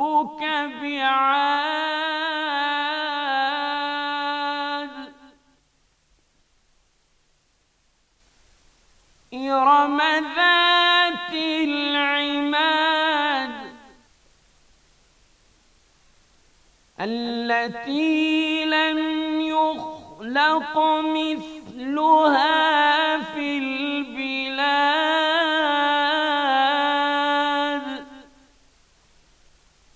ربك بعاد إرم ذات العماد التي لم يخلق مثلها في الأرض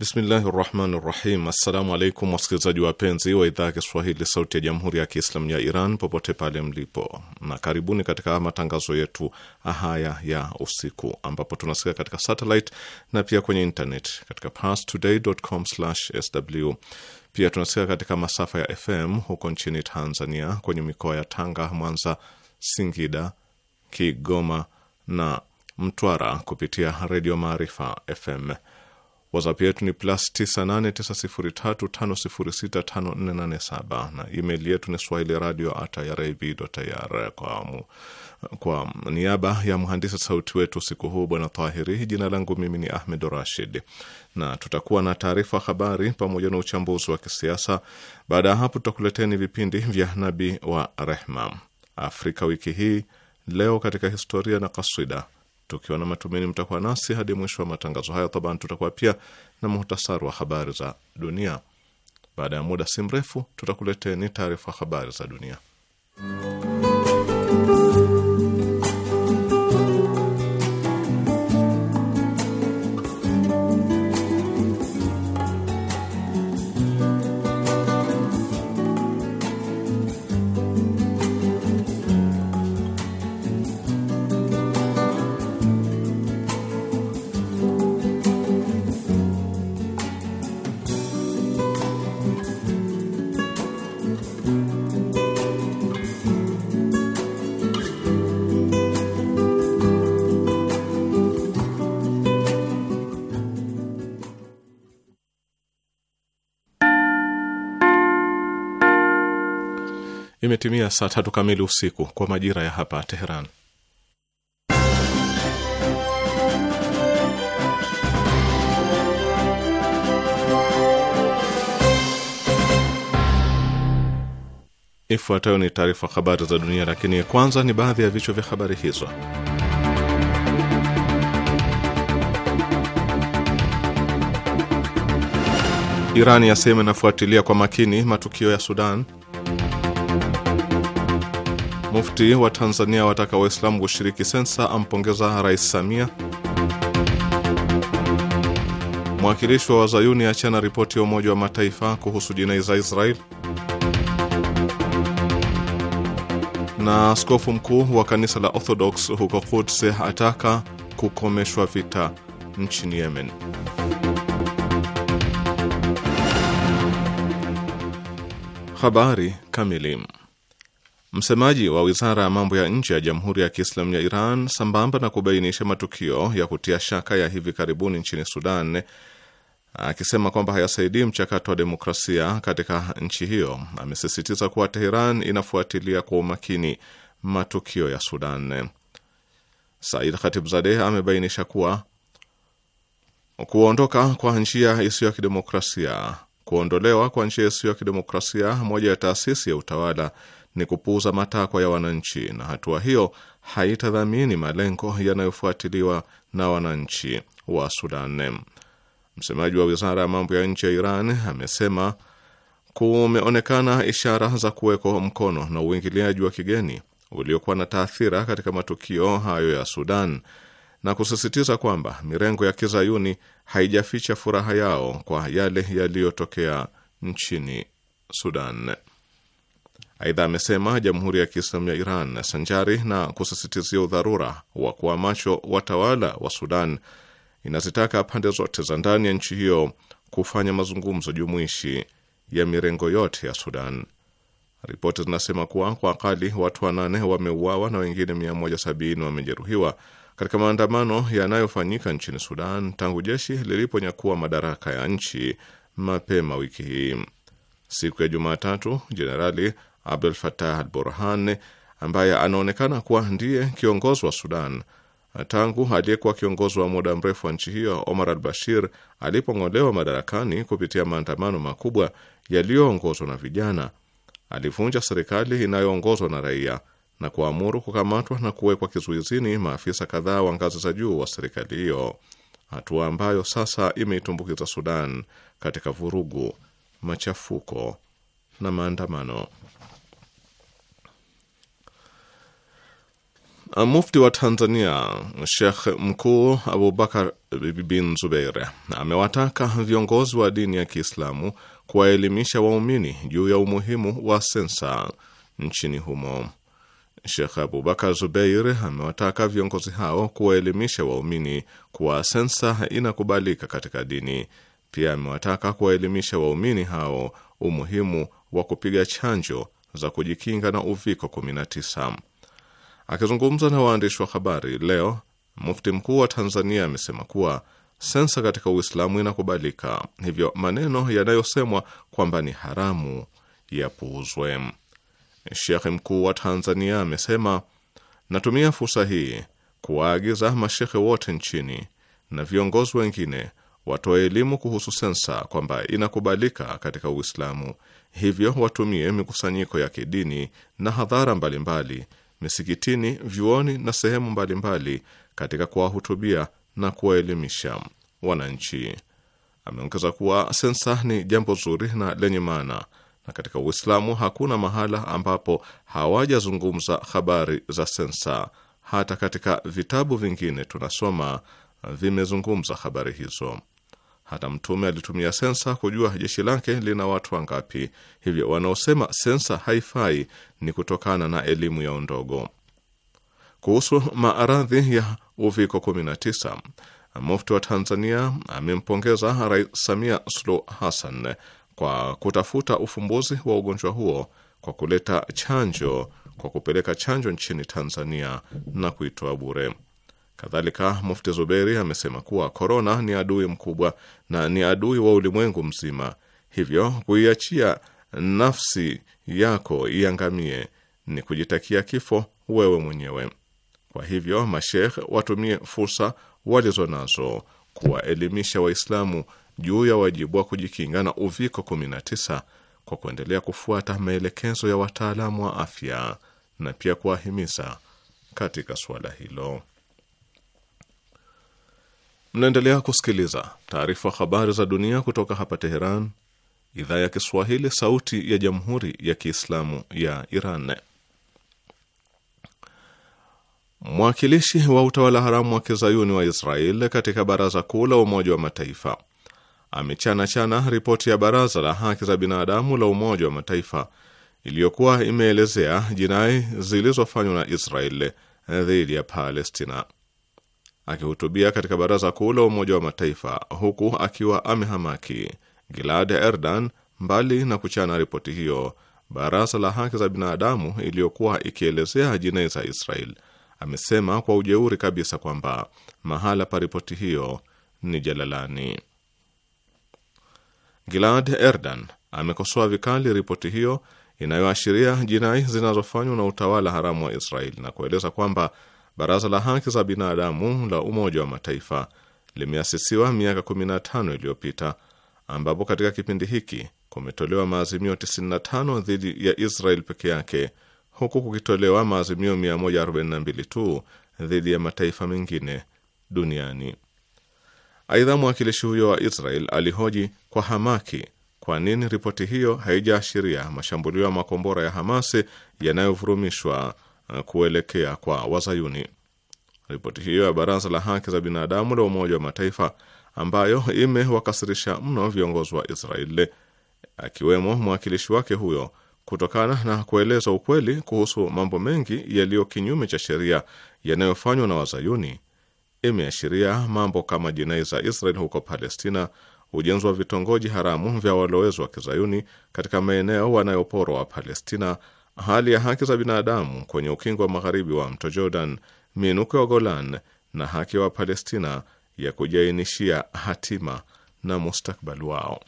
Bismillahi rahmani rahim. Assalamu alaikum wasikilizaji wapenzi wa idhaa ya Kiswahili sauti ya jamhuri ya Kiislamu ya Iran popote pale mlipo, na karibuni katika matangazo yetu haya ya usiku ambapo tunasikia katika satellite na pia kwenye internet katika parstoday.com/sw. Pia tunasikia katika masafa ya FM huko nchini Tanzania kwenye mikoa ya Tanga, Mwanza, Singida, Kigoma na Mtwara kupitia redio Maarifa FM. WhatsApp yetu ni plus 989035065487 na email yetu ni swahili radio at irib.ir. Kwa, kwa niaba ya mhandisi sauti wetu usiku huu bwana Tahiri, jina langu mimi ni Ahmed Rashid, na tutakuwa na taarifa habari pamoja na uchambuzi wa kisiasa. Baada ya hapo, tutakuleteni vipindi vya Nabii wa Rehma, Afrika wiki hii, leo katika historia na kaswida tukiwa na matumaini mtakuwa nasi hadi mwisho wa matangazo haya. Taban tutakuwa pia na muhtasari wa habari za dunia. Baada ya muda si mrefu, tutakuleteni taarifa habari za dunia. imetimia saa tatu kamili usiku kwa majira ya hapa Teheran. Ifuatayo ni taarifa habari za dunia, lakini kwanza ni baadhi ya vichwa vya habari hizo. Iran yasema inafuatilia kwa makini matukio ya Sudan. Mufti wa Tanzania wataka Waislamu kushiriki sensa, ampongeza Rais Samia. Mwakilishi wa wazayuni achana ripoti ya Umoja wa Mataifa kuhusu jinai za Israel. Na askofu mkuu wa kanisa la Orthodox huko Quds ataka kukomeshwa vita nchini Yemen. Habari kamili Msemaji wa wizara ya mambo ya nje ya Jamhuri ya Kiislamu ya Iran, sambamba na kubainisha matukio ya kutia shaka ya hivi karibuni nchini Sudan, akisema kwamba hayasaidii mchakato wa demokrasia katika nchi hiyo, amesisitiza kuwa Teheran inafuatilia kwa umakini matukio ya Sudan. Said Khatibzadeh amebainisha kuwa kuondoka kwa njia isiyo ya kidemokrasia, kuondolewa kwa njia isiyo ya kidemokrasia moja ya taasisi ya utawala ni kupuuza matakwa ya wananchi, na hatua hiyo haitadhamini malengo yanayofuatiliwa na wananchi wa Sudan. Msemaji wa wizara ya mambo ya nje ya Iran amesema kumeonekana ishara za kuweko mkono na uingiliaji wa kigeni uliokuwa na taathira katika matukio hayo ya Sudan na kusisitiza kwamba mirengo ya kizayuni haijaficha furaha yao kwa yale yaliyotokea nchini Sudan. Aidha amesema Jamhuri ya Kiislamu ya Iran sanjari na kusisitizia udharura wa kuwa macho watawala wa Sudan, inazitaka pande zote za ndani ya nchi hiyo kufanya mazungumzo jumuishi ya mirengo yote ya Sudan. Ripoti zinasema kuwa kwa akali watu wanane wameuawa na wengine 170 wamejeruhiwa katika maandamano yanayofanyika nchini Sudan tangu jeshi liliponyakua madaraka ya nchi mapema wiki hii. Siku ya Jumatatu, Jenerali Abdul Fatah al Burhan ambaye anaonekana kuwa ndiye kiongozi wa Sudan tangu aliyekuwa kiongozi wa muda mrefu wa nchi hiyo Omar al Bashir alipong'olewa madarakani kupitia maandamano makubwa yaliyoongozwa na vijana. Alivunja serikali inayoongozwa na raia na kuamuru kukamatwa na kuwekwa kizuizini maafisa kadhaa wa ngazi za juu wa serikali hiyo, hatua ambayo sasa imeitumbukiza Sudan katika vurugu, machafuko na maandamano. Mufti wa Tanzania Sheikh Mkuu Abubakar bin Zubeir amewataka viongozi wa dini ya Kiislamu kuwaelimisha waumini juu ya umuhimu wa sensa nchini humo. Sheikh Abubakar Zubeir amewataka viongozi hao kuwaelimisha waumini kuwa sensa inakubalika katika dini. Pia amewataka kuwaelimisha waumini hao umuhimu wa kupiga chanjo za kujikinga na uviko 19. Akizungumza na waandishi wa habari leo, mufti mkuu wa Tanzania amesema kuwa sensa katika Uislamu inakubalika, hivyo maneno yanayosemwa kwamba ni haramu yapuuzwe. Shekhe mkuu wa Tanzania amesema, natumia fursa hii kuwaagiza mashekhe wote nchini na viongozi wengine watoe elimu kuhusu sensa kwamba inakubalika katika Uislamu, hivyo watumie mikusanyiko ya kidini na hadhara mbalimbali misikitini, vyuoni na sehemu mbalimbali katika kuwahutubia na kuwaelimisha wananchi. Ameongeza kuwa sensa ni jambo zuri na lenye maana, na katika Uislamu hakuna mahala ambapo hawajazungumza habari za sensa. Hata katika vitabu vingine tunasoma vimezungumza habari hizo. Hata Mtume alitumia sensa kujua jeshi lake lina watu wangapi. Hivyo wanaosema sensa haifai ni kutokana na elimu yao ndogo. Kuhusu maradhi ya uviko 19, mufti wa Tanzania amempongeza Rais Samia Suluhu Hassan kwa kutafuta ufumbuzi wa ugonjwa huo kwa kuleta chanjo, kwa kupeleka chanjo nchini Tanzania na kuitoa bure. Kadhalika, Mufti Zuberi amesema kuwa korona ni adui mkubwa na ni adui wa ulimwengu mzima, hivyo kuiachia nafsi yako iangamie ni kujitakia kifo wewe mwenyewe. Kwa hivyo, mashekh watumie fursa walizo nazo kuwaelimisha Waislamu juu ya wajibu wa kujikinga na uviko 19 kwa kuendelea kufuata maelekezo ya wataalamu wa afya na pia kuwahimiza katika suala hilo. Mnaendelea kusikiliza taarifa habari za dunia kutoka hapa Teheran, idhaa ya Kiswahili, sauti ya jamhuri ya kiislamu ya Iran. Mwakilishi wa utawala haramu wa kizayuni wa Israel katika baraza kuu la Umoja wa Mataifa amechana chana ripoti ya baraza la haki za binadamu la Umoja wa Mataifa iliyokuwa imeelezea jinai zilizofanywa na Israel dhidi ya Palestina. Akihutubia katika Baraza Kuu la Umoja wa Mataifa huku akiwa amehamaki, Gilad Erdan, mbali na kuchana ripoti hiyo Baraza la Haki za Binadamu iliyokuwa ikielezea jinai za Israel, amesema kwa ujeuri kabisa kwamba mahala pa ripoti hiyo ni jalalani. Gilad Erdan amekosoa vikali ripoti hiyo inayoashiria jinai zinazofanywa na utawala haramu wa Israel na kueleza kwamba Baraza la Haki za Binadamu la Umoja wa Mataifa limeasisiwa miaka 15 iliyopita, ambapo katika kipindi hiki kumetolewa maazimio 95 dhidi ya Israel peke yake huku kukitolewa maazimio 142 tu dhidi ya mataifa mengine duniani. Aidha, mwakilishi huyo wa Israel alihoji kwa hamaki kwa nini ripoti hiyo haijaashiria mashambulio ya makombora ya Hamasi yanayovurumishwa Eh, kuelekea kwa Wazayuni. Ripoti hiyo ya Baraza la Haki za Binadamu la Umoja wa Mataifa, ambayo imewakasirisha mno viongozi wa Israeli, akiwemo mwakilishi wake huyo, kutokana na kueleza ukweli kuhusu mambo mengi yaliyo kinyume cha sheria yanayofanywa na Wazayuni, imeashiria mambo kama jinai za Israel huko Palestina, ujenzi wa vitongoji haramu vya walowezi wa kizayuni katika maeneo wanayoporwa wa Palestina hali ya haki za binadamu kwenye ukingo wa magharibi wa mto Jordan, miinuko ya Golan na haki ya wa Wapalestina ya kujiainishia hatima na mustakbali wao.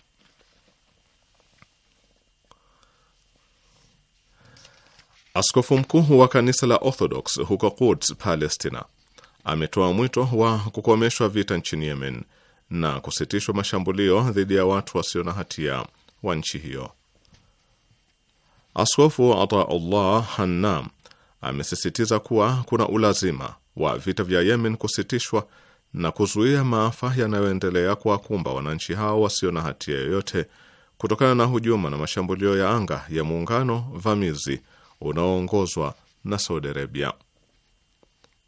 Askofu mkuu wa kanisa la Orthodox huko Quds, Palestina, ametoa mwito wa kukomeshwa vita nchini Yemen na kusitishwa mashambulio dhidi ya watu wasio na hatia wa nchi hiyo. Askofu Ataullah Hannam amesisitiza kuwa kuna ulazima wa vita vya Yemen kusitishwa na kuzuia maafa yanayoendelea kuwakumba wananchi hao wasio na hatia yoyote kutokana na hujuma na mashambulio ya anga ya muungano vamizi unaoongozwa na Saudi Arabia.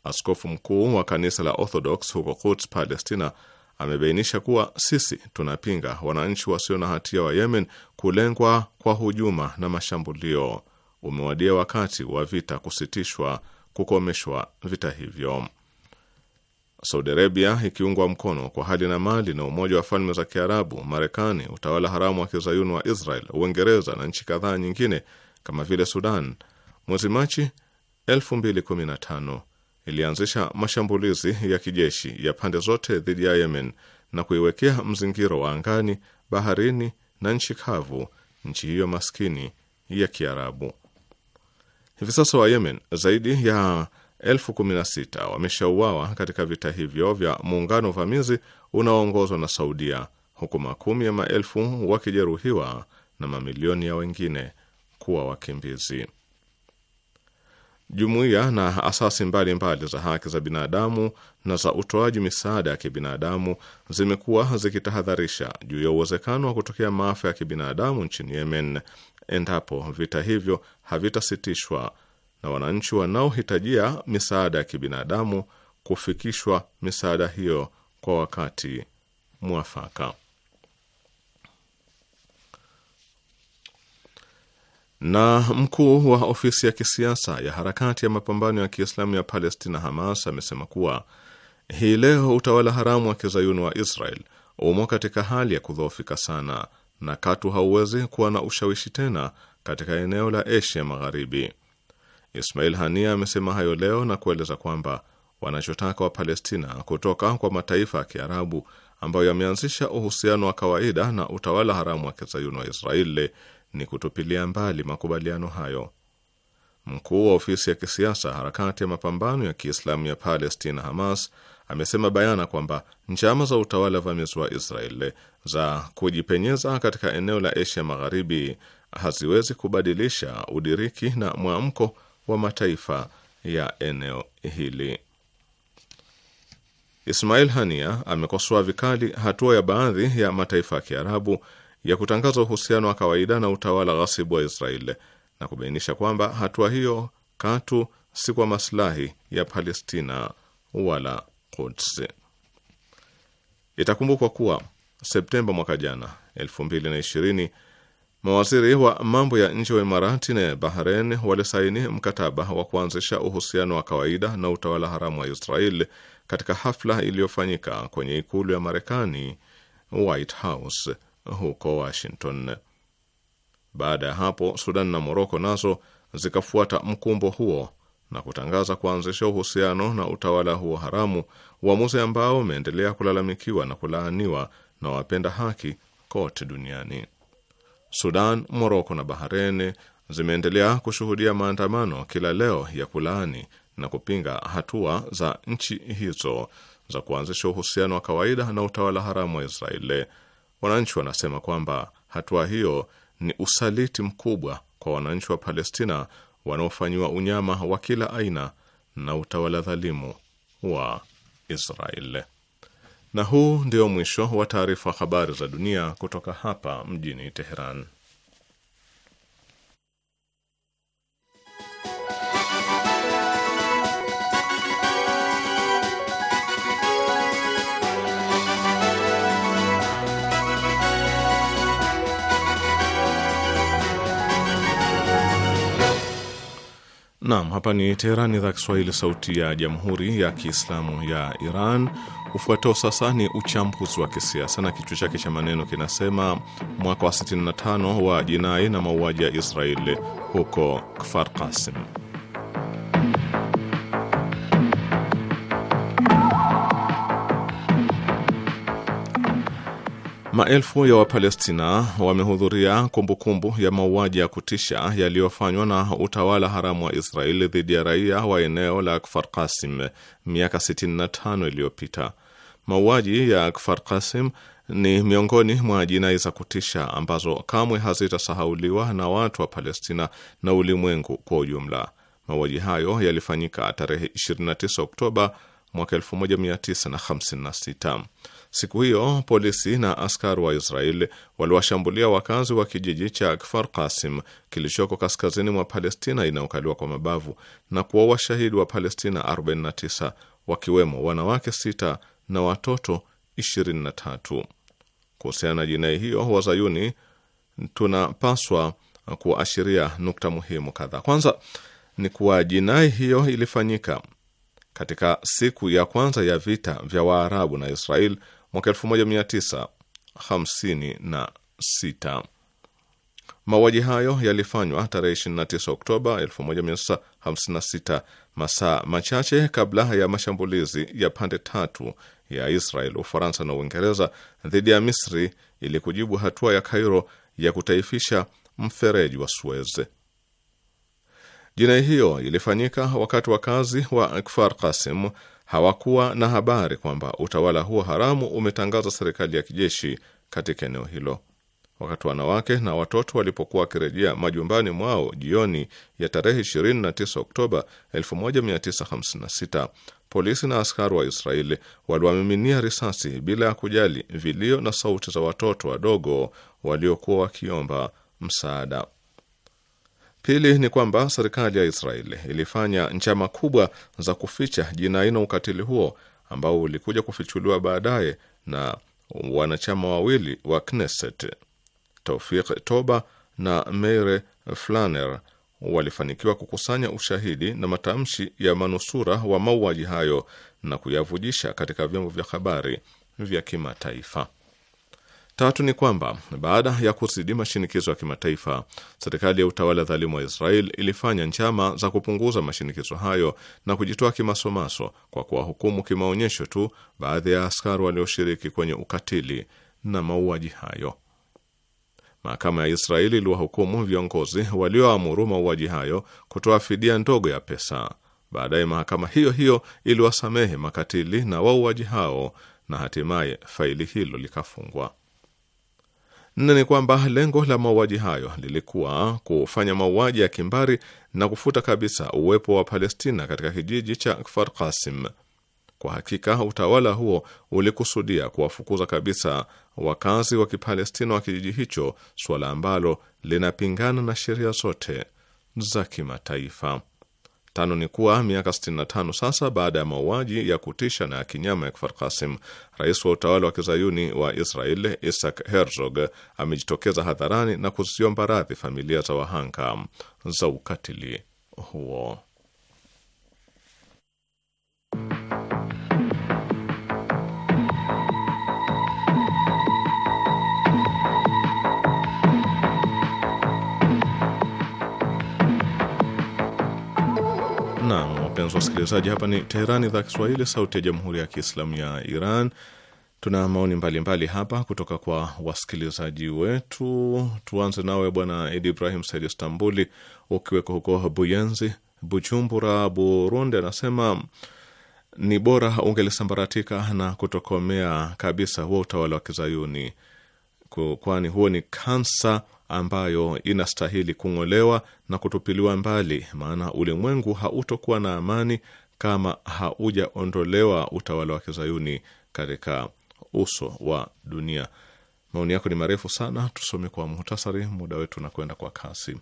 Askofu mkuu wa kanisa la Orthodox huko Quds, Palestina amebainisha kuwa sisi tunapinga wananchi wasio na hatia wa Yemen kulengwa kwa hujuma na mashambulio. Umewadia wakati wa vita kusitishwa, kukomeshwa vita hivyo. Saudi Arabia ikiungwa mkono kwa hali na mali na Umoja wa Falme za Kiarabu, Marekani, utawala haramu wa kizayuni wa Israel, Uingereza na nchi kadhaa nyingine kama vile Sudan, mwezi Machi 2015 ilianzisha mashambulizi ya kijeshi ya pande zote dhidi ya Yemen na kuiwekea mzingiro wa angani, baharini na nchi kavu nchi hiyo maskini ya Kiarabu. Hivi sasa wa Yemen zaidi ya elfu kumi na sita wameshauawa katika vita hivyo vya muungano uvamizi unaoongozwa na Saudia, huku makumi ya maelfu wakijeruhiwa na mamilioni ya wengine kuwa wakimbizi jumuiya na asasi mbalimbali mbali za haki za binadamu na za utoaji misaada ya kibinadamu zimekuwa zikitahadharisha juu ya uwezekano wa kutokea maafa ya kibinadamu nchini Yemen endapo vita hivyo havitasitishwa na wananchi wanaohitajia misaada ya kibinadamu kufikishwa misaada hiyo kwa wakati mwafaka. Na mkuu wa ofisi ya kisiasa ya harakati ya mapambano ya Kiislamu ya Palestina, Hamas, amesema kuwa hii leo utawala haramu wa kizayuni wa Israel umo katika hali ya kudhoofika sana na katu hauwezi kuwa na ushawishi tena katika eneo la Asia Magharibi. Ismail Hania amesema hayo leo na kueleza kwamba wanachotaka Wapalestina kutoka kwa mataifa ya Kiarabu ambayo yameanzisha uhusiano wa kawaida na utawala haramu wa kizayuni wa Israeli ni kutupilia mbali makubaliano hayo. Mkuu wa ofisi ya kisiasa harakati ya mapambano ya Kiislamu ya Palestina, Hamas, amesema bayana kwamba njama za utawala vamizi wa Israel za kujipenyeza katika eneo la Asia Magharibi haziwezi kubadilisha udiriki na mwamko wa mataifa ya eneo hili. Ismail Hania amekosoa vikali hatua ya baadhi ya mataifa ya Kiarabu ya kutangaza uhusiano wa kawaida na utawala ghasibu wa Israeli na kubainisha kwamba hatua hiyo katu si kwa maslahi ya Palestina wala Quds. Itakumbukwa kuwa Septemba mwaka jana 2020 mawaziri wa mambo ya nje wa Imarati na Bahrain walisaini mkataba wa kuanzisha uhusiano wa kawaida na utawala haramu wa Israel katika hafla iliyofanyika kwenye ikulu ya Marekani, White House huko Washington. Baada ya hapo, Sudan na Moroko nazo zikafuata mkumbo huo na kutangaza kuanzisha uhusiano na utawala huo haramu, uamuzi ambao umeendelea kulalamikiwa na kulaaniwa na wapenda haki kote duniani. Sudan, Moroko na Bahrain zimeendelea kushuhudia maandamano kila leo ya kulaani na kupinga hatua za nchi hizo za kuanzisha uhusiano wa kawaida na utawala haramu wa Israeli Wananchi wanasema kwamba hatua hiyo ni usaliti mkubwa kwa wananchi wa Palestina wanaofanyiwa unyama wa kila aina na utawala dhalimu wa Israel. Na huu ndio mwisho wa taarifa habari za dunia kutoka hapa mjini Teheran. Naam, hapa ni Teherani, idhaa Kiswahili, sauti ya jamhuri ya kiislamu ya Iran. Ufuatao sasa ni uchambuzi wa kisiasa na kichwa chake cha maneno kinasema mwaka wa 65 wa jinai na mauaji ya Israeli huko Kfar Kasim. Maelfu ya Wapalestina wamehudhuria kumbukumbu ya mauaji ya kutisha yaliyofanywa na utawala haramu wa Israeli dhidi ya raia wa eneo la Kfar Kasim miaka 65 iliyopita. Mauaji ya Kfar Kasim ni miongoni mwa jinai za kutisha ambazo kamwe hazitasahauliwa na watu wa Palestina na ulimwengu kwa ujumla. Mauaji hayo yalifanyika tarehe 29 Oktoba mwaka 1956. Siku hiyo polisi na askari wa israel waliwashambulia wakazi wa kijiji cha Kfar Qasim kilichoko kaskazini mwa Palestina inayokaliwa kwa mabavu na kuwa washahidi wa Palestina 49 wakiwemo wanawake sita na watoto 23. Kuhusiana na jinai hiyo, wazayuni tunapaswa kuashiria nukta muhimu kadhaa. Kwanza ni kuwa jinai hiyo ilifanyika katika siku ya kwanza ya vita vya Waarabu na Israel mwaka 1956. Mauaji hayo yalifanywa tarehe 29 Oktoba 1956, masaa machache kabla ya mashambulizi ya pande tatu ya Israel, Ufaransa na Uingereza dhidi ya Misri ili kujibu hatua ya Kairo ya kutaifisha mfereji wa Suez. Jinai hiyo ilifanyika wakati wakazi wa Kfar Kasim hawakuwa na habari kwamba utawala huo haramu umetangaza serikali ya kijeshi katika eneo hilo. Wakati wanawake na watoto walipokuwa wakirejea majumbani mwao jioni ya tarehe 29 Oktoba 1956 polisi na askari wa Israeli waliwamiminia risasi bila ya kujali vilio na sauti za watoto wadogo waliokuwa wakiomba msaada. Pili ni kwamba serikali ya Israeli ilifanya njama kubwa za kuficha jinai na ukatili huo ambao ulikuja kufichuliwa baadaye na wanachama wawili wa Knesset, Tofik Toba na Meire Flaner walifanikiwa kukusanya ushahidi na matamshi ya manusura wa mauaji hayo na kuyavujisha katika vyombo vya habari vya kimataifa. Tatu ni kwamba baada ya kuzidi mashinikizo ya kimataifa, serikali ya utawala dhalimu wa Israel ilifanya njama za kupunguza mashinikizo hayo na kujitoa kimasomaso kwa kuwahukumu kimaonyesho tu baadhi ya askari walioshiriki kwenye ukatili na mauaji hayo. Mahakama ya Israeli iliwahukumu viongozi walioamuru mauaji hayo kutoa fidia ndogo ya pesa. Baadaye mahakama hiyo hiyo iliwasamehe makatili na wauaji hao, na hatimaye faili hilo likafungwa. Nne ni kwamba lengo la mauaji hayo lilikuwa kufanya mauaji ya kimbari na kufuta kabisa uwepo wa Palestina katika kijiji cha Kfar Qasim. Kwa hakika utawala huo ulikusudia kuwafukuza kabisa wakazi wa Kipalestina wa kijiji hicho, suala ambalo linapingana na sheria zote za kimataifa. Tano ni kuwa miaka 65 sasa baada ya mauaji ya kutisha na ya kinyama ya Kfar Kasim, rais wa utawala wa kizayuni wa Israel Isaac Herzog amejitokeza hadharani na kuziomba radhi familia za wahanga za ukatili huo. Wapenzi wasikilizaji, hapa ni Teherani, idhaa Kiswahili, sauti ya jamhuri ya kiislamu ya Iran. Tuna maoni mbalimbali hapa kutoka kwa wasikilizaji wetu. Tuanze nawe Bwana Idi Ibrahim Said Istambuli, ukiweko huko Buyenzi, Bujumbura, Burundi, anasema ni bora ungelisambaratika na kutokomea kabisa huo utawala wa Kizayuni, kwani huo ni kansa ambayo inastahili kung'olewa na kutupiliwa mbali, maana ulimwengu hautokuwa na amani kama haujaondolewa utawala wa kizayuni katika uso wa dunia. Maoni yako ni marefu sana, tusome kwa muhtasari, muda wetu unakwenda kwa kasi.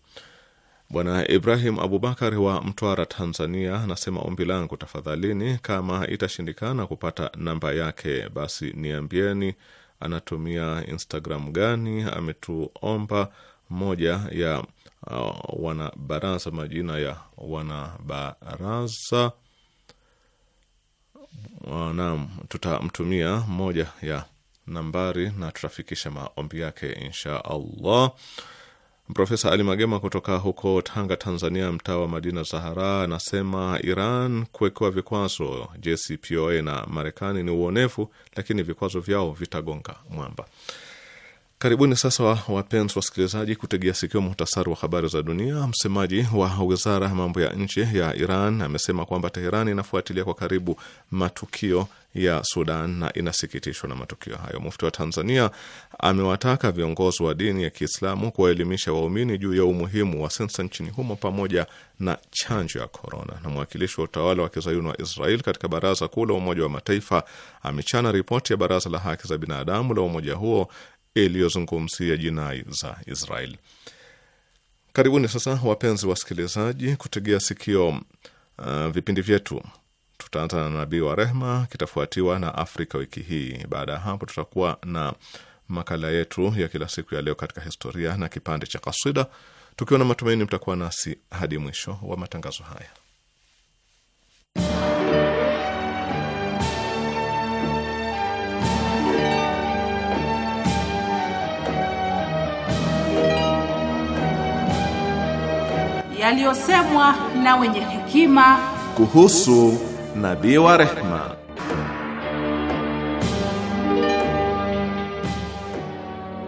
Bwana Ibrahim Abubakar wa Mtwara, Tanzania, anasema ombi langu tafadhalini, kama itashindikana kupata namba yake, basi niambieni anatumia Instagram gani? Ametuomba moja ya uh, wanabaraza, majina ya wanabaraza. Uh, naam, tutamtumia moja ya nambari na tutafikisha maombi yake insha Allah. Profesa Ali Magema kutoka huko Tanga, Tanzania, mtaa wa Madina Zahara, anasema Iran kuwekewa vikwazo JCPOA na Marekani ni uonevu, lakini vikwazo vyao vitagonga mwamba. Karibuni sasa wapenzi wasikilizaji, kutegea sikio muhtasari wa habari za dunia. Msemaji wa wizara ya mambo ya nje ya Iran amesema kwamba Teheran inafuatilia kwa karibu matukio ya Sudan na inasikitishwa na matukio hayo. Mufti wa Tanzania amewataka viongozi wa dini ya Kiislamu kuwaelimisha waumini juu ya umuhimu wa sensa nchini humo pamoja na chanjo ya korona. Na mwakilishi wa utawala wa kizayuni wa Israel katika Baraza Kuu la Umoja wa Mataifa amechana ripoti ya Baraza la Haki za Binadamu la umoja huo iliyozungumzia jinai za israel Karibuni sasa, wapenzi wasikilizaji, kutegea sikio uh, vipindi vyetu. Tutaanza na Nabii wa Rehma, kitafuatiwa na Afrika wiki hii. Baada ya hapo, tutakuwa na makala yetu ya kila siku ya leo katika historia na kipande cha kaswida, tukiwa na matumaini mtakuwa nasi hadi mwisho wa matangazo haya. yaliyosemwa na wenye hekima kuhusu nabii wa rehma.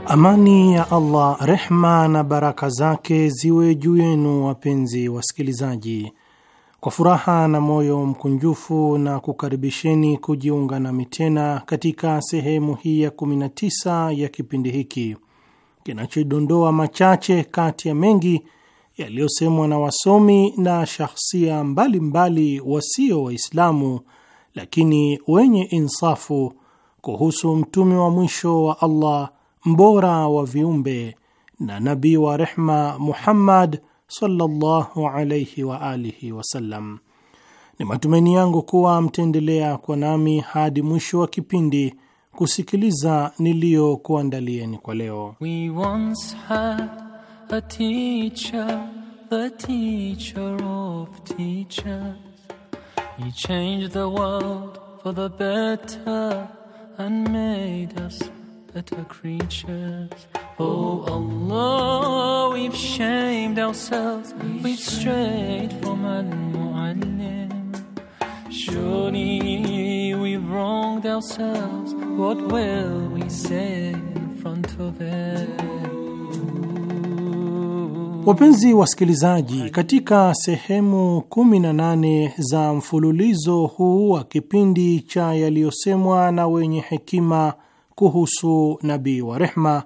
Amani ya Allah, rehma na baraka zake ziwe juu yenu, wapenzi wasikilizaji. Kwa furaha na moyo mkunjufu na kukaribisheni kujiunga nami tena katika sehemu hii ya 19 ya kipindi hiki kinachodondoa machache kati ya mengi yaliyosemwa na wasomi na shahsia mbalimbali wasio Waislamu lakini wenye insafu kuhusu mtume wa mwisho wa Allah mbora wa viumbe na nabii wa rehma Muhammad sallallahu alayhi wa alihi wasallam. Ni matumaini yangu kuwa mtaendelea kwa nami hadi mwisho wa kipindi kusikiliza niliyokuandalieni kwa leo. We once had a teacher, the teacher of teachers. He changed the world for the better and made us better creatures. Oh Allah, we've shamed ourselves, we've strayed from Al Mu'allim. Surely we've wronged ourselves, what will we say in front of Him? Wapenzi wasikilizaji, katika sehemu 18 za mfululizo huu wa kipindi cha yaliyosemwa na wenye hekima kuhusu nabii wa rehma,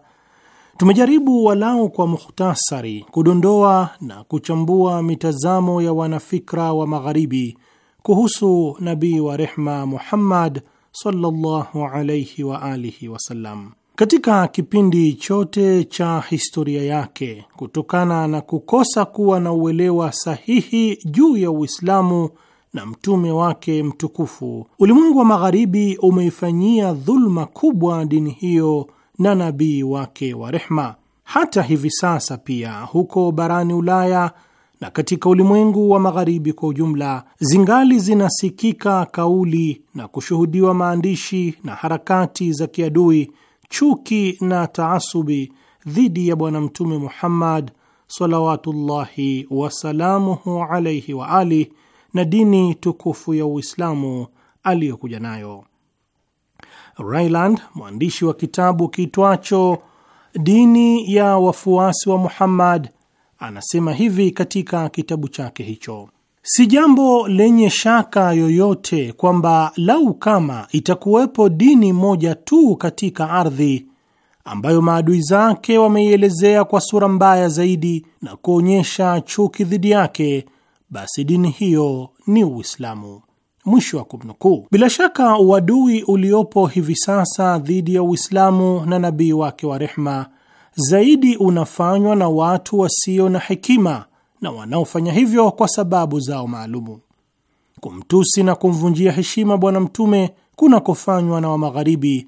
tumejaribu walau kwa mukhtasari kudondoa na kuchambua mitazamo ya wanafikra wa Magharibi kuhusu nabii wa rehma Muhammad sallallahu alayhi wa alihi wasallam. Katika kipindi chote cha historia yake, kutokana na kukosa kuwa na uelewa sahihi juu ya Uislamu na mtume wake mtukufu, ulimwengu wa Magharibi umeifanyia dhuluma kubwa dini hiyo na nabii wake wa rehma. Hata hivi sasa pia huko barani Ulaya na katika ulimwengu wa Magharibi kwa ujumla, zingali zinasikika kauli na kushuhudiwa maandishi na harakati za kiadui chuki na taasubi dhidi ya Bwana Mtume Muhammad salawatullahi wasalamuhu alaihi wa ali na dini tukufu ya Uislamu aliyokuja nayo. Ryland, mwandishi wa kitabu kitwacho Dini ya Wafuasi wa Muhammad, anasema hivi katika kitabu chake hicho: Si jambo lenye shaka yoyote kwamba lau kama itakuwepo dini moja tu katika ardhi ambayo maadui zake wameielezea kwa sura mbaya zaidi na kuonyesha chuki dhidi yake, basi dini hiyo ni Uislamu. Mwisho wa kumnukuu. Bila shaka uadui uliopo hivi sasa dhidi ya Uislamu na nabii wake wa rehma zaidi unafanywa na watu wasio na hekima na wanaofanya hivyo kwa sababu zao maalumu. Kumtusi na kumvunjia heshima Bwana Mtume kunakofanywa na wa Magharibi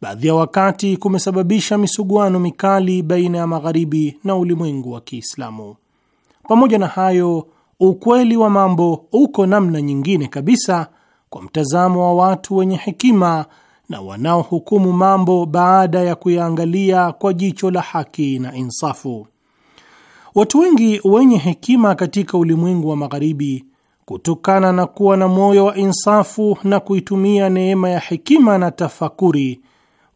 baadhi ya wakati kumesababisha misuguano mikali baina ya Magharibi na ulimwengu wa Kiislamu. Pamoja na hayo, ukweli wa mambo uko namna nyingine kabisa kwa mtazamo wa watu wenye hekima na wanaohukumu mambo baada ya kuyaangalia kwa jicho la haki na insafu. Watu wengi wenye hekima katika ulimwengu wa Magharibi, kutokana na kuwa na moyo wa insafu na kuitumia neema ya hekima na tafakuri,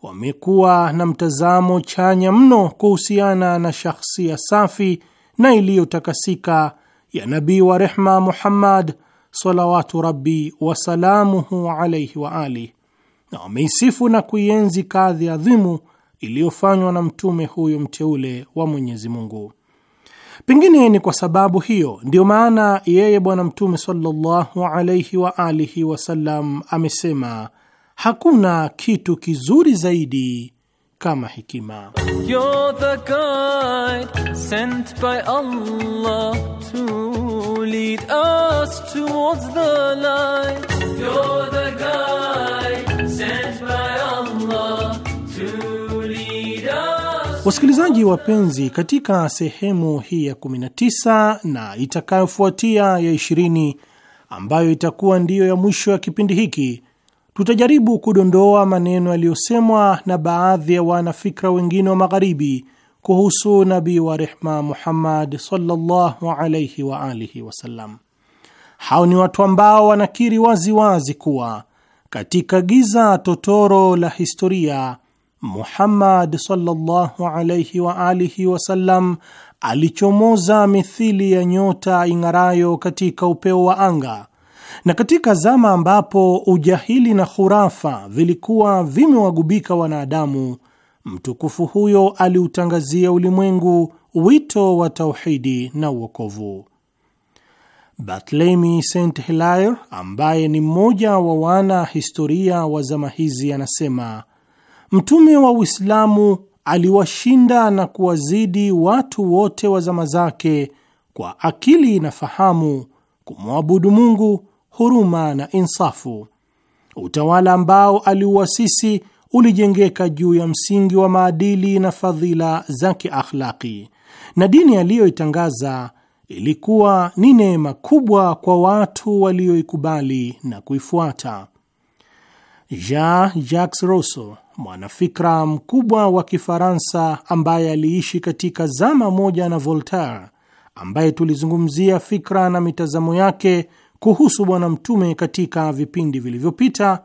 wamekuwa na mtazamo chanya mno kuhusiana na shakhsia safi na iliyotakasika ya Nabii wa rehma Muhammad salawatu rabi wasalamuhu alaihi wa ali, na wameisifu na kuienzi kadhi adhimu iliyofanywa na mtume huyo mteule wa Mwenyezi Mungu. Pengine ni kwa sababu hiyo ndio maana yeye Bwana Mtume sallallahu alaihi wa alihi wasallam amesema hakuna kitu kizuri zaidi kama hikima You're the guide Wasikilizaji wapenzi, katika sehemu hii ya 19 na itakayofuatia ya 20 ambayo itakuwa ndiyo ya mwisho ya kipindi hiki, tutajaribu kudondoa maneno yaliyosemwa na baadhi ya wanafikra wengine wa Magharibi kuhusu nabii wa rehma Muhammad sallallahu alayhi wa alihi wasallam. Hao ni watu ambao wanakiri waziwazi wazi kuwa katika giza totoro la historia Muhammad sallallahu alayhi wa alihi sallam alichomoza mithili ya nyota ing'arayo katika upeo wa anga, na katika zama ambapo ujahili na khurafa vilikuwa vimewagubika wanadamu, mtukufu huyo aliutangazia ulimwengu wito wa tauhidi na uokovu. batlemi St Hilaire, ambaye ni mmoja wa wana historia wa zama hizi, anasema Mtume wa Uislamu aliwashinda na kuwazidi watu wote wa zama zake kwa akili na fahamu, kumwabudu Mungu, huruma na insafu. Utawala ambao aliuasisi ulijengeka juu ya msingi wa maadili na fadhila za kiakhlaki, na dini aliyoitangaza ilikuwa ni neema kubwa kwa watu walioikubali na kuifuata. Ja, Jacques Rousseau mwanafikra mkubwa wa Kifaransa ambaye aliishi katika zama moja na Voltaire, ambaye tulizungumzia fikra na mitazamo yake kuhusu Bwana Mtume katika vipindi vilivyopita.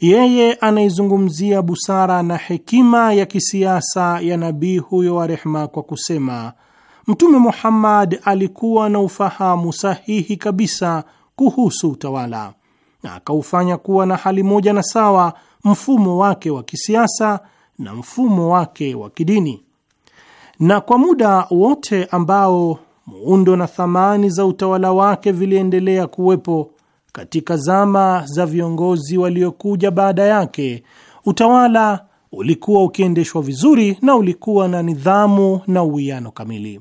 Yeye anaizungumzia busara na hekima ya kisiasa ya nabii huyo wa rehma kwa kusema, Mtume Muhammad alikuwa na ufahamu sahihi kabisa kuhusu utawala na akaufanya kuwa na hali moja na sawa mfumo wake wa kisiasa na mfumo wake wa kidini. Na kwa muda wote ambao muundo na thamani za utawala wake viliendelea kuwepo katika zama za viongozi waliokuja baada yake, utawala ulikuwa ukiendeshwa vizuri na ulikuwa na nidhamu na uwiano kamili.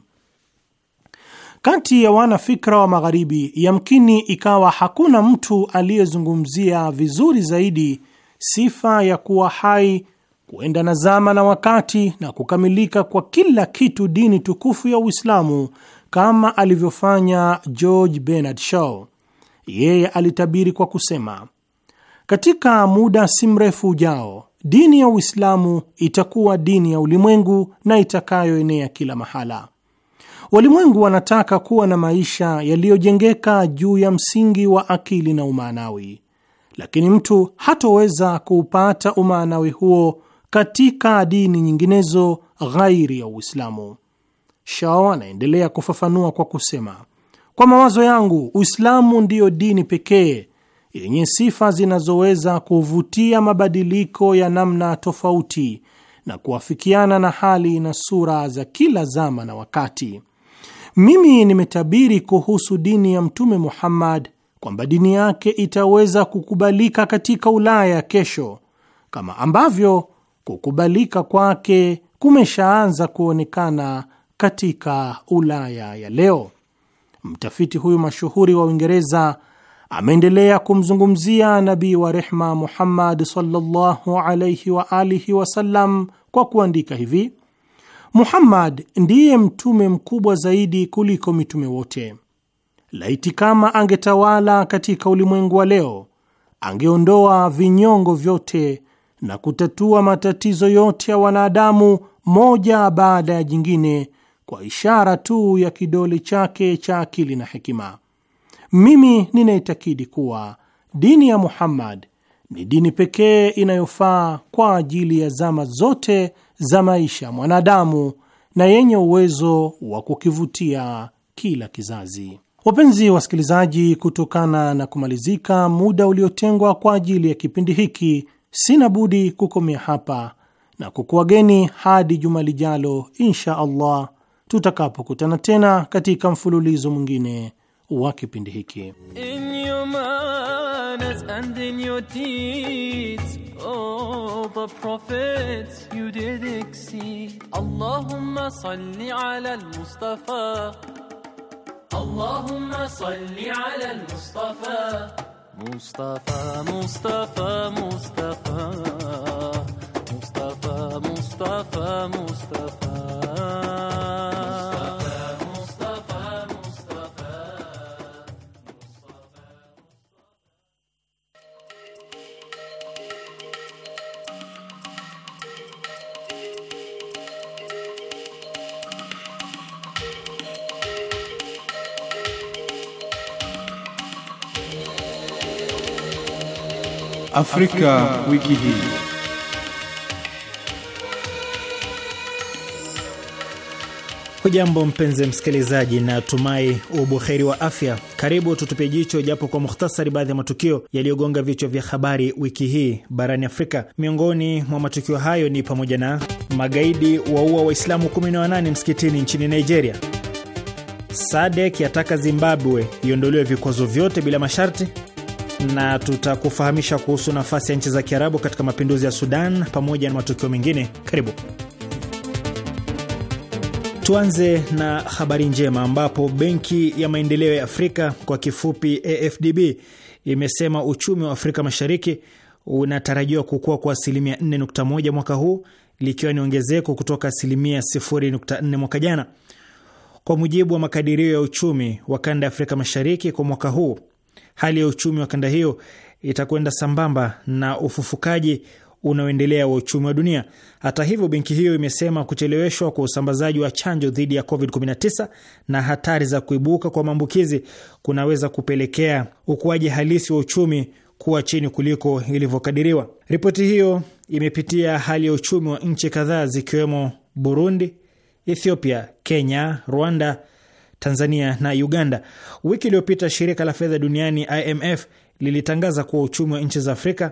Kati ya wanafikra wa Magharibi, yamkini ikawa hakuna mtu aliyezungumzia vizuri zaidi sifa ya kuwa hai, kuenda na zama na wakati na kukamilika kwa kila kitu dini tukufu ya Uislamu, kama alivyofanya George Bernard Shaw. Yeye alitabiri kwa kusema, katika muda si mrefu ujao dini ya Uislamu itakuwa dini ya ulimwengu na itakayoenea kila mahala. Walimwengu wanataka kuwa na maisha yaliyojengeka juu ya msingi wa akili na umaanawi lakini mtu hatoweza kuupata umaanawi huo katika dini nyinginezo ghairi ya Uislamu. shao anaendelea kufafanua kwa kusema, kwa mawazo yangu, Uislamu ndiyo dini pekee yenye sifa zinazoweza kuvutia mabadiliko ya namna tofauti na kuafikiana na hali na sura za kila zama na wakati. Mimi nimetabiri kuhusu dini ya Mtume Muhammad kwamba dini yake itaweza kukubalika katika Ulaya kesho, kama ambavyo kukubalika kwake kumeshaanza kuonekana katika Ulaya ya leo. Mtafiti huyu mashuhuri wa Uingereza ameendelea kumzungumzia nabii wa rehma Muhammad sallallahu alayhi wa alihi wasallam kwa kuandika hivi: Muhammad ndiye mtume mkubwa zaidi kuliko mitume wote Laiti kama angetawala katika ulimwengu wa leo, angeondoa vinyongo vyote na kutatua matatizo yote ya wanadamu moja baada ya jingine kwa ishara tu ya kidole chake cha akili na hekima. Mimi ninaitakidi kuwa dini ya Muhammad ni dini pekee inayofaa kwa ajili ya zama zote za maisha ya mwanadamu na yenye uwezo wa kukivutia kila kizazi. Wapenzi wasikilizaji, kutokana na kumalizika muda uliotengwa kwa ajili ya kipindi hiki, sina budi kukomea hapa na kukuwageni hadi juma lijalo, insha Allah, tutakapokutana tena katika mfululizo mwingine wa kipindi hiki. اللهم صل على المصطفى مصطفى مصطفى مصطفى مصطفى مصطفى مصطفى, مصطفى Afrika, wiki hii. Hujambo mpenzi msikilizaji, na tumai ubuheri wa afya. Karibu tutupie jicho japo kwa muhtasari baadhi ya matukio yaliyogonga vichwa vya habari wiki hii barani Afrika. Miongoni mwa matukio hayo ni pamoja na magaidi waua Waislamu 18 msikitini nchini Nigeria, SADC yataka Zimbabwe iondolewe vikwazo vyote bila masharti na tutakufahamisha kuhusu nafasi ya nchi za Kiarabu katika mapinduzi ya Sudan pamoja na matukio mengine. Karibu. Tuanze na habari njema ambapo Benki ya Maendeleo ya Afrika kwa kifupi AFDB imesema uchumi wa Afrika Mashariki unatarajiwa kukua kwa asilimia 4.1 mwaka huu likiwa ni ongezeko kutoka asilimia 0.4 mwaka jana. Kwa mujibu wa makadirio ya uchumi wa kanda ya Afrika Mashariki kwa mwaka huu, hali ya uchumi wa kanda hiyo itakwenda sambamba na ufufukaji unaoendelea wa uchumi wa dunia. Hata hivyo, benki hiyo imesema kucheleweshwa kwa usambazaji wa chanjo dhidi ya COVID-19 na hatari za kuibuka kwa maambukizi kunaweza kupelekea ukuaji halisi wa uchumi kuwa chini kuliko ilivyokadiriwa. Ripoti hiyo imepitia hali ya uchumi wa nchi kadhaa zikiwemo Burundi, Ethiopia, Kenya, Rwanda, Tanzania na Uganda. Wiki iliyopita shirika la fedha duniani IMF lilitangaza kuwa uchumi wa nchi za Afrika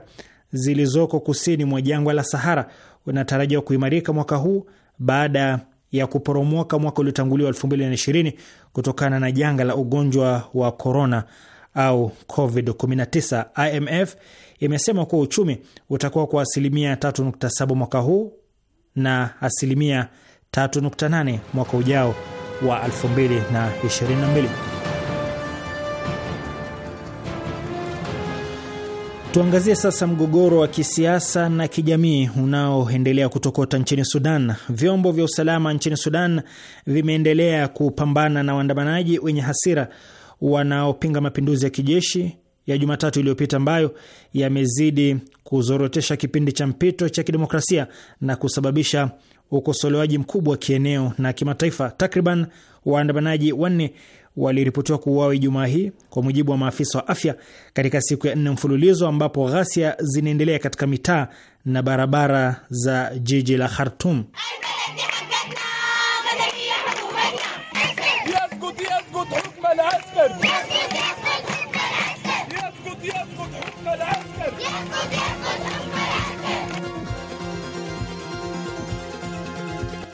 zilizoko kusini mwa jangwa la Sahara unatarajiwa kuimarika mwaka huu baada ya kuporomoka mwaka uliotanguliwa 2020 kutokana na janga la ugonjwa wa corona au COVID-19. IMF imesema kuwa uchumi utakuwa kwa asilimia 3.7 mwaka huu na asilimia 3.8 mwaka ujao wa 2022. Tuangazie sasa mgogoro wa kisiasa na kijamii unaoendelea kutokota nchini Sudan. Vyombo vya usalama nchini Sudan vimeendelea kupambana na waandamanaji wenye hasira wanaopinga mapinduzi ya kijeshi ya Jumatatu iliyopita ambayo yamezidi kuzorotesha kipindi cha mpito cha kidemokrasia na kusababisha ukosolewaji mkubwa wa kieneo na kimataifa. Takriban waandamanaji wanne waliripotiwa kuuawa Ijumaa hii kwa mujibu wa maafisa wa afya, katika siku ya nne mfululizo ambapo ghasia zinaendelea katika mitaa na barabara za jiji la Khartum.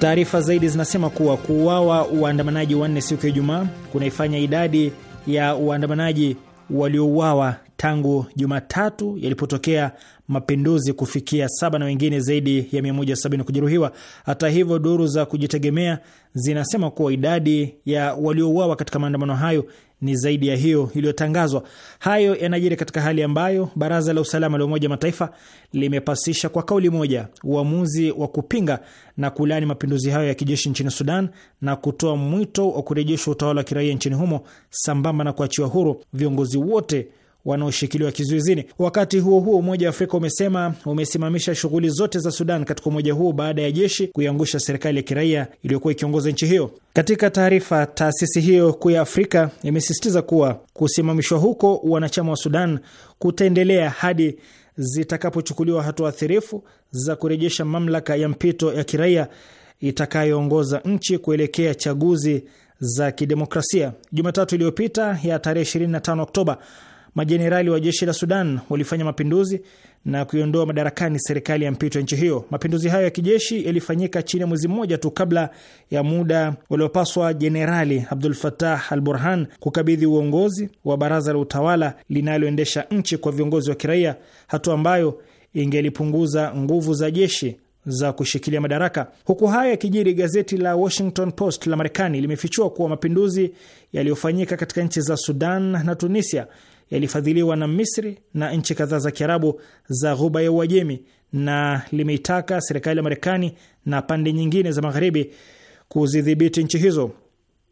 Taarifa zaidi zinasema kuwa kuuawa waandamanaji wanne siku ya Ijumaa kunaifanya idadi ya waandamanaji waliouawa tangu Jumatatu yalipotokea mapinduzi kufikia saba na wengine zaidi ya 170 kujeruhiwa. Hata hivyo, duru za kujitegemea zinasema kuwa idadi ya waliouawa katika maandamano hayo ni zaidi ya hiyo iliyotangazwa. Hayo yanajiri katika hali ambayo baraza la usalama la Umoja Mataifa limepasisha kwa kauli moja uamuzi wa kupinga na kulani mapinduzi hayo ya kijeshi nchini Sudan na kutoa mwito wa kurejeshwa utawala wa kiraia nchini humo sambamba na kuachiwa huru viongozi wote wanaoshikiliwa kizuizini. Wakati huo huo, Umoja wa Afrika umesema umesimamisha shughuli zote za Sudan katika umoja huo baada ya jeshi kuiangusha serikali ya kiraia iliyokuwa ikiongoza nchi hiyo. Katika taarifa, taasisi hiyo kuu ya Afrika imesisitiza kuwa kusimamishwa huko wanachama wa Sudan kutaendelea hadi zitakapochukuliwa hatua athirifu za kurejesha mamlaka ya mpito ya kiraia itakayoongoza nchi kuelekea chaguzi za kidemokrasia. Jumatatu iliyopita ya tarehe 25 Oktoba, majenerali wa jeshi la Sudan walifanya mapinduzi na kuiondoa madarakani serikali ya mpito ya nchi hiyo. Mapinduzi hayo ya kijeshi yalifanyika chini ya mwezi mmoja tu kabla ya muda uliopaswa Jenerali Abdul Fatah Al Burhan kukabidhi uongozi wa baraza la utawala linaloendesha nchi kwa viongozi wa kiraia, hatua ambayo ingelipunguza nguvu za jeshi za kushikilia madaraka. Huku haya yakijiri, gazeti la Washington Post la Marekani limefichua kuwa mapinduzi yaliyofanyika katika nchi za Sudan na Tunisia yalifadhiliwa na Misri na nchi kadhaa za Kiarabu za Ghuba ya Uajemi na limeitaka serikali ya Marekani na pande nyingine za Magharibi kuzidhibiti nchi hizo.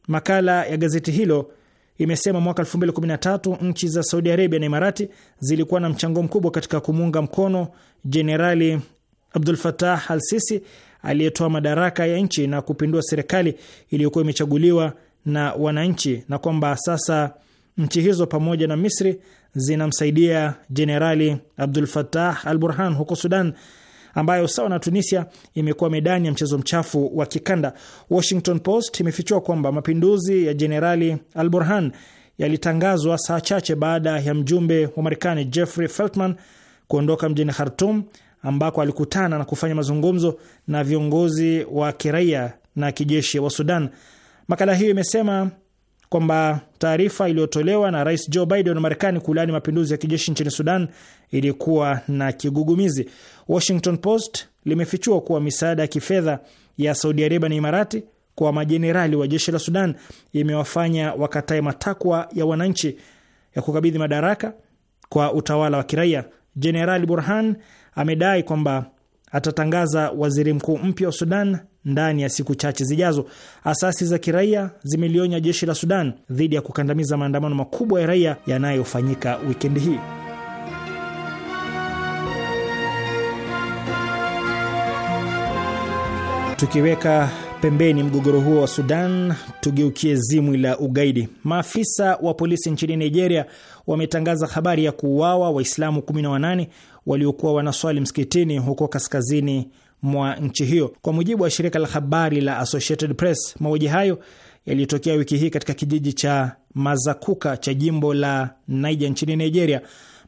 Makala ya gazeti hilo imesema mwaka 2013 nchi za Saudi Arabia na Imarati zilikuwa na mchango mkubwa katika kumuunga mkono Jenerali Abdul Fatah al Sisi aliyetoa madaraka ya nchi na kupindua serikali iliyokuwa imechaguliwa na wananchi na kwamba sasa Nchi hizo pamoja na Misri zinamsaidia Jenerali Abdul Fatah al Burhan huko Sudan, ambayo sawa na Tunisia imekuwa medani ya mchezo mchafu wa kikanda. Washington Post imefichua kwamba mapinduzi ya Jenerali al Burhan yalitangazwa saa chache baada ya mjumbe wa Marekani Jeffrey Feltman kuondoka mjini Khartum ambako alikutana na kufanya mazungumzo na viongozi wa kiraia na kijeshi wa Sudan. Makala hiyo imesema kwamba taarifa iliyotolewa na Rais Joe Biden wa Marekani kulaani mapinduzi ya kijeshi nchini Sudan ilikuwa na kigugumizi. Washington Post limefichua kuwa misaada ya kifedha ya Saudi Arabia na Imarati kwa majenerali wa jeshi la Sudan imewafanya wakatae matakwa ya wananchi ya kukabidhi madaraka kwa utawala wa kiraia. Jenerali Burhan amedai kwamba atatangaza waziri mkuu mpya wa Sudan ndani ya siku chache zijazo. Asasi za kiraia zimelionya jeshi la Sudan dhidi ya kukandamiza maandamano makubwa ya raia yanayofanyika wikendi hii. Tukiweka pembeni mgogoro huo wa Sudan, tugeukie zimwi la ugaidi. Maafisa wa polisi nchini Nigeria wametangaza habari ya kuuawa Waislamu 18 waliokuwa wanaswali msikitini huko kaskazini mwa nchi hiyo. Kwa mujibu wa shirika la habari la Associated Press, mauaji hayo yaliyotokea wiki hii katika kijiji cha Mazakuka cha jimbo la Niger nchini Nigeria.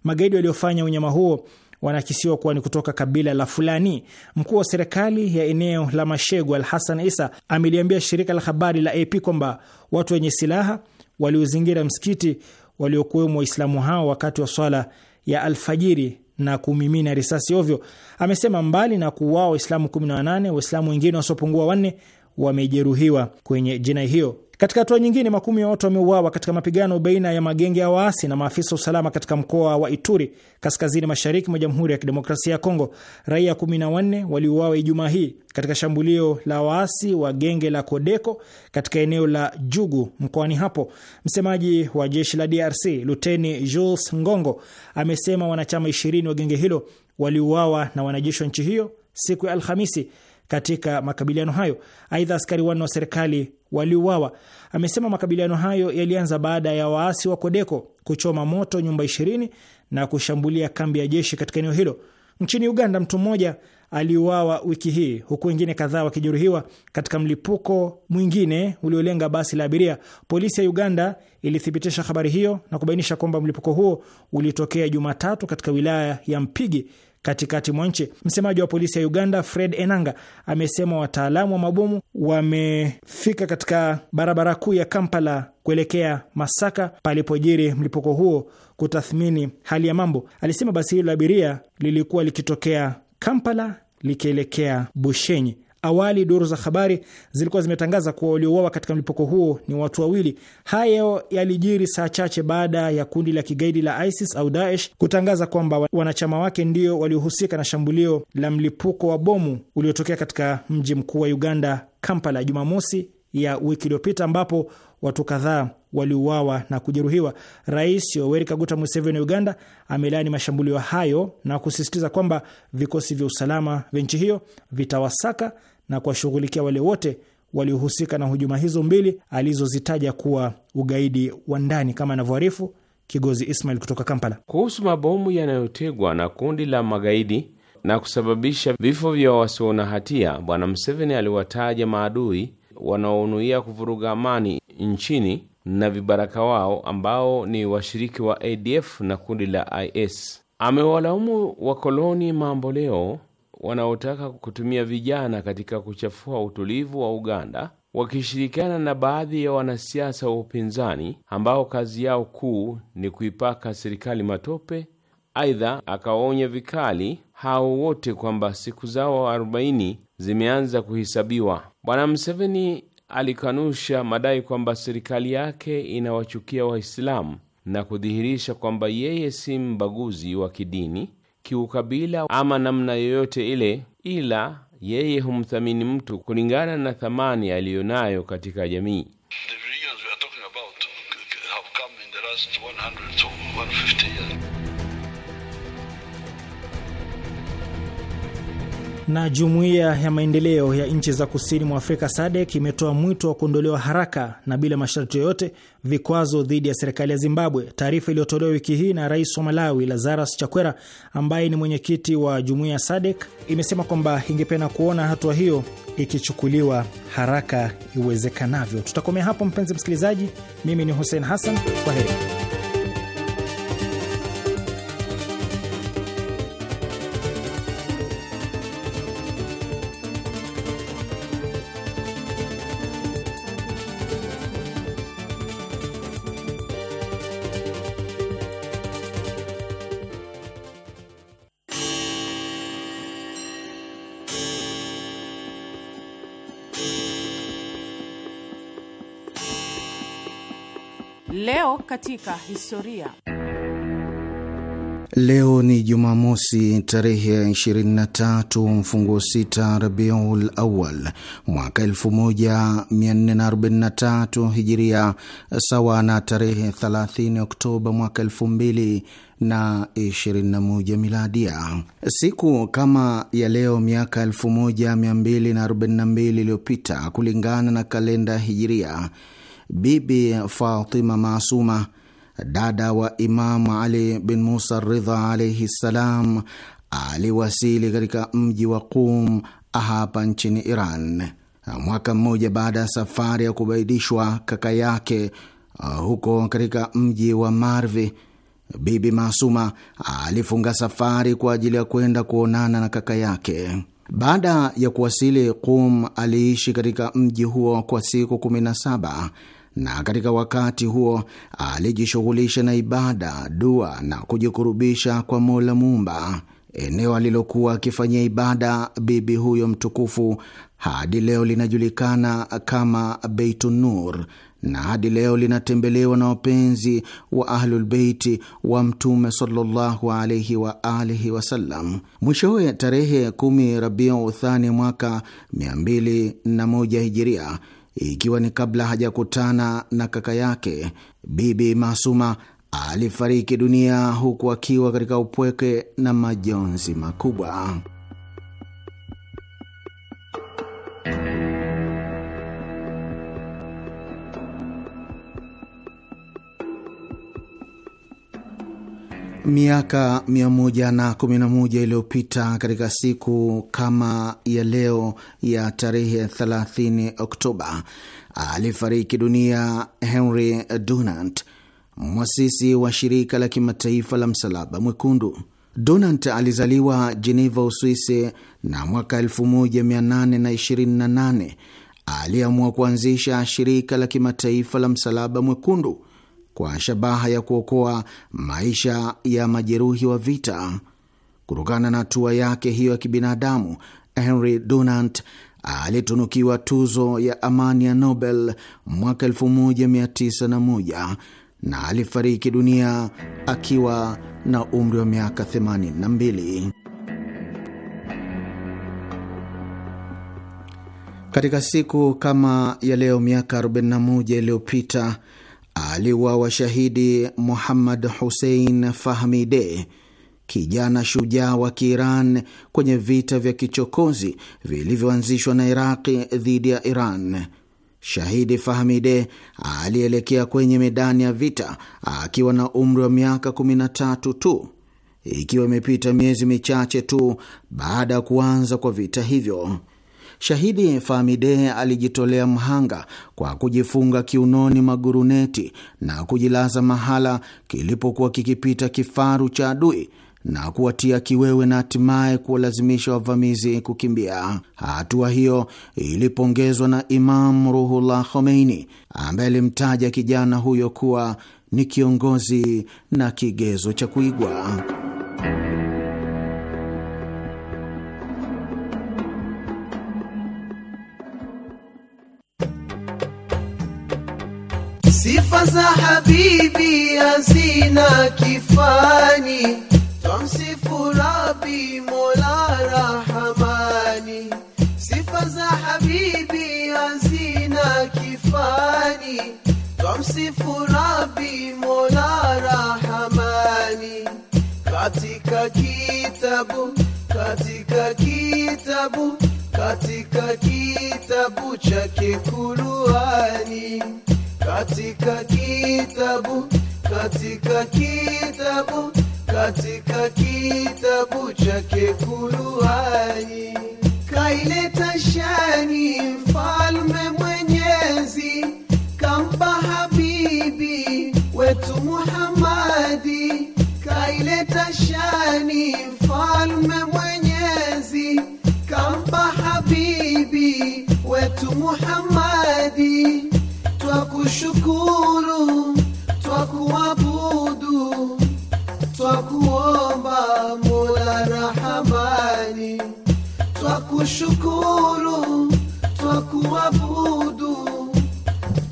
Magaidi waliofanya unyama huo wanakisiwa kuwa ni kutoka kabila la Fulani. Mkuu wa serikali ya eneo la Mashegu Al Hassan Isa ameliambia shirika la habari la AP kwamba watu wenye silaha waliozingira msikiti waliokuwemo Waislamu hao wakati wa swala ya alfajiri na kumimina risasi ovyo. Amesema mbali na kuuawa Waislamu 18 Waislamu wengine wasiopungua wanne wamejeruhiwa kwenye jinai hiyo. Katika hatua nyingine, makumi ya watu wameuawa katika mapigano baina ya magenge ya waasi na maafisa wa usalama katika mkoa wa Ituri, kaskazini mashariki mwa Jamhuri ya Kidemokrasia ya Kongo. Raia 14 waliuawa Ijumaa hii katika shambulio la waasi wa genge la Kodeko katika eneo la Jugu mkoani hapo. Msemaji wa jeshi la DRC Luteni Jules Ngongo amesema wanachama 20 wa genge hilo waliuawa na wanajeshi wa nchi hiyo siku ya Alhamisi katika makabiliano hayo. Aidha, askari wanne wa serikali waliuawa. Amesema makabiliano hayo yalianza baada ya waasi wa Kodeko kuchoma moto nyumba ishirini na kushambulia kambi ya jeshi katika eneo hilo. Nchini Uganda, mtu mmoja aliuawa wiki hii huku wengine kadhaa wakijeruhiwa katika mlipuko mwingine uliolenga basi la abiria. Polisi ya Uganda ilithibitisha habari hiyo na kubainisha kwamba mlipuko huo ulitokea Jumatatu katika wilaya ya Mpigi katikati mwa nchi. Msemaji wa polisi ya Uganda Fred Enanga amesema wataalamu wa mabomu wamefika katika barabara kuu ya Kampala kuelekea Masaka palipojiri mlipuko huo kutathmini hali ya mambo. Alisema basi hilo la abiria lilikuwa likitokea Kampala likielekea Bushenyi. Awali duru za habari zilikuwa zimetangaza kuwa waliouawa katika mlipuko huo ni watu wawili. Hayo yalijiri saa chache baada ya kundi la kigaidi la ISIS au Daesh kutangaza kwamba wanachama wake ndio waliohusika na shambulio la mlipuko wa bomu uliotokea katika mji mkuu wa Uganda, Kampala, Jumamosi ya wiki iliyopita ambapo watu kadhaa waliuawa na kujeruhiwa. Rais Yoweri Kaguta Museveni wa Uganda amelaani mashambulio hayo na kusisitiza kwamba vikosi vya usalama vya nchi hiyo vitawasaka na kuwashughulikia wale wote waliohusika na hujuma hizo mbili alizozitaja kuwa ugaidi wa ndani, kama anavyoarifu Kigozi Ismail kutoka Kampala kuhusu mabomu yanayotegwa na kundi la magaidi na kusababisha vifo vya wasio na hatia. Bwana Museveni aliwataja maadui wanaonuia kuvuruga amani nchini na vibaraka wao ambao ni washiriki wa ADF na kundi la IS. Amewalaumu wakoloni mamboleo wanaotaka kutumia vijana katika kuchafua utulivu wa Uganda wakishirikiana na baadhi ya wanasiasa wa upinzani ambao kazi yao kuu ni kuipaka serikali matope. Aidha, akawaonya vikali hao wote kwamba siku zao arobaini zimeanza kuhisabiwa Bwana mseveni alikanusha madai kwamba serikali yake inawachukia Waislamu na kudhihirisha kwamba yeye si mbaguzi wa kidini, kiukabila ama namna yoyote ile, ila yeye humthamini mtu kulingana na thamani aliyonayo katika jamii. The Na jumuiya ya maendeleo ya nchi za kusini mwa Afrika SADC imetoa mwito wa kuondolewa haraka na bila masharti yoyote vikwazo dhidi ya serikali ya Zimbabwe. Taarifa iliyotolewa wiki hii na rais wa Malawi Lazarus Chakwera, ambaye ni mwenyekiti wa jumuiya ya SADC, imesema kwamba ingependa kuona hatua hiyo ikichukuliwa haraka iwezekanavyo. Tutakomea hapo mpenzi msikilizaji, mimi ni Hussein Hassan, kwa heri. katika historia. Leo ni Jumamosi, tarehe ya 23 mfunguo 6 Rabiul Awal mwaka 1443 Hijiria, sawa na tarehe 30 Oktoba mwaka 2021 Miladia. Siku kama ya leo miaka 1242 iliyopita kulingana na kalenda Hijiria Bibi Fatima Masuma, dada wa Imamu Ali bin Musa Ridha alaihi ssalam, aliwasili katika mji wa Qum hapa nchini Iran mwaka mmoja baada ya safari ya kubaidishwa kaka yake uh, huko katika mji wa Marvi. Bibi Masuma alifunga safari kwa ajili ya kwenda kuonana na kaka yake. Baada ya kuwasili Qum, aliishi katika mji huo kwa siku saba na katika wakati huo alijishughulisha na ibada, dua na kujikurubisha kwa Mola Muumba. Eneo alilokuwa akifanyia ibada bibi huyo mtukufu hadi leo linajulikana kama Beitunur na hadi leo linatembelewa na wapenzi wa Ahlulbeiti wa Mtume sallallahu alaihi wa alihi wasallam. Mwishowe tarehe kumi Rabiu Uthani mwaka 201 Hijiria, ikiwa ni kabla hajakutana na kaka yake. Bibi Masuma alifariki dunia huku akiwa katika upweke na majonzi makubwa. Miaka 111 iliyopita katika siku kama ya leo ya tarehe 30 Oktoba alifariki dunia Henry Dunant, mwasisi wa shirika la kimataifa la msalaba mwekundu. Dunant alizaliwa Jeneva, Uswisi, na mwaka 1828 aliamua kuanzisha shirika la kimataifa la msalaba mwekundu kwa shabaha ya kuokoa maisha ya majeruhi wa vita. Kutokana na hatua yake hiyo ya kibinadamu, Henry Dunant alitunukiwa tuzo ya amani ya Nobel mwaka 1901 na alifariki dunia akiwa na umri wa miaka 82. Katika siku kama ya leo miaka 41 iliyopita aliuawa shahidi Muhammad Husein Fahmide, kijana shujaa wa Kiiran kwenye vita vya kichokozi vilivyoanzishwa na Iraqi dhidi ya Iran. Shahidi Fahmide alielekea kwenye medani ya vita akiwa na umri wa miaka 13 tu, ikiwa imepita miezi michache tu baada ya kuanza kwa vita hivyo. Shahidi Famide alijitolea mhanga kwa kujifunga kiunoni maguruneti na kujilaza mahala kilipokuwa kikipita kifaru cha adui na kuwatia kiwewe na hatimaye kuwalazimisha wavamizi kukimbia. Hatua hiyo ilipongezwa na Imam Ruhullah Khomeini ambaye alimtaja kijana huyo kuwa ni kiongozi na kigezo cha kuigwa. Sifa za habibi hazina kifani, twamsifu Rabbi Mola Rahamani. Sifa za habibi hazina kifani, twamsifu Rabbi Mola Rahamani. Katika kitabu, katika kitabu, katika kitabu chake Qur'ani katika kitabu katika kitabu katika kitabu chake kuluani kaileta shani mfalme mwenyezi kampa habibi wetu Muhammadi kaileta shani mfalme twakushukuru, twakuabudu,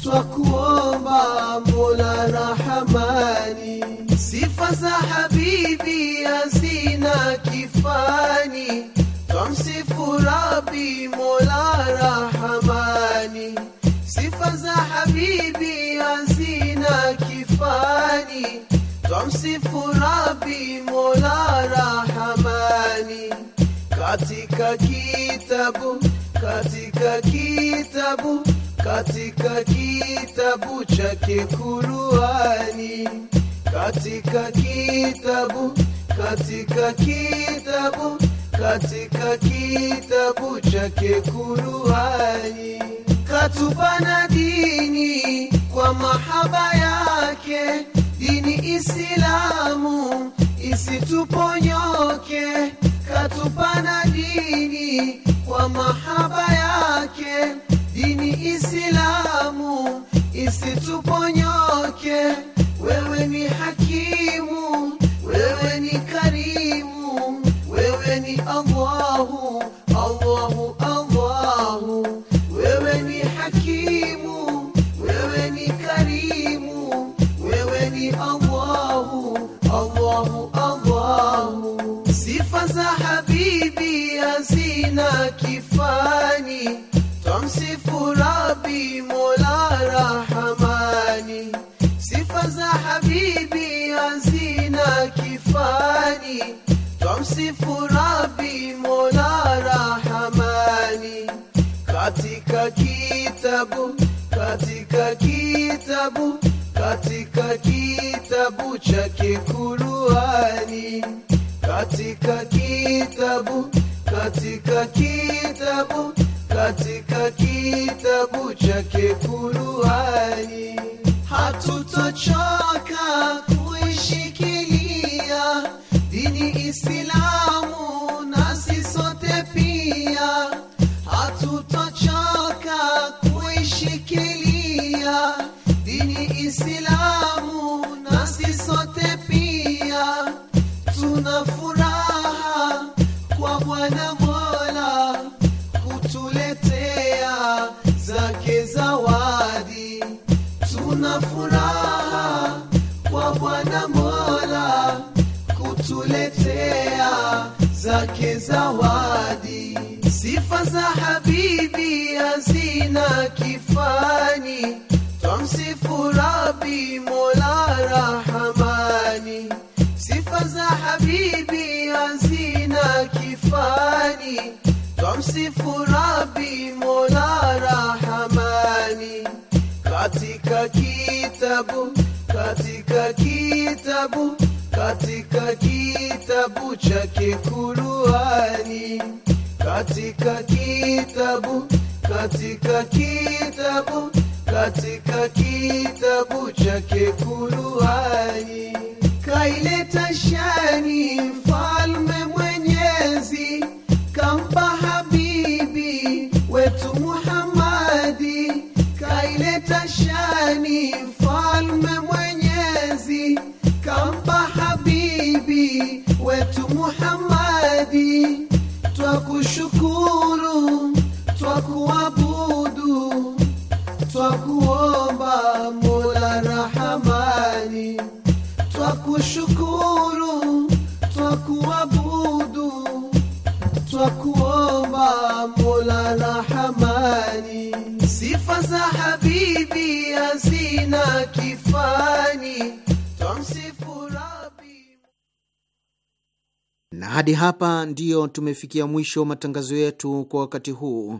twakuomba Mola Rahamani, sifa za habibi hazina kifani, twamsifu Rabi Mola Rahamani, sifa za habibi hazina kifani, twamsifu Rabi Mola Rahamani katika kitabu katika kitabu katika kitabu cha Qur'ani katika kitabu katika kitabu katika kitabu cha Qur'ani katupana dini kwa mahaba yake dini isilamu isituponyoke katupana dini kwa mahaba yake, dini Islamu isituponyoke. Wewe ni hakimu, wewe ni katika kitabu katika kitabu chake kuruani katika kitabu katika kitabu katika kitabu chake kuruani kaileta shani mfalme Mola Rahamani, twakushukuru, twakuabudu, twakuomba Mola Rahamani, sifa za habibi hazina kifani, na hadi hapa ndiyo tumefikia mwisho matangazo yetu kwa wakati huu.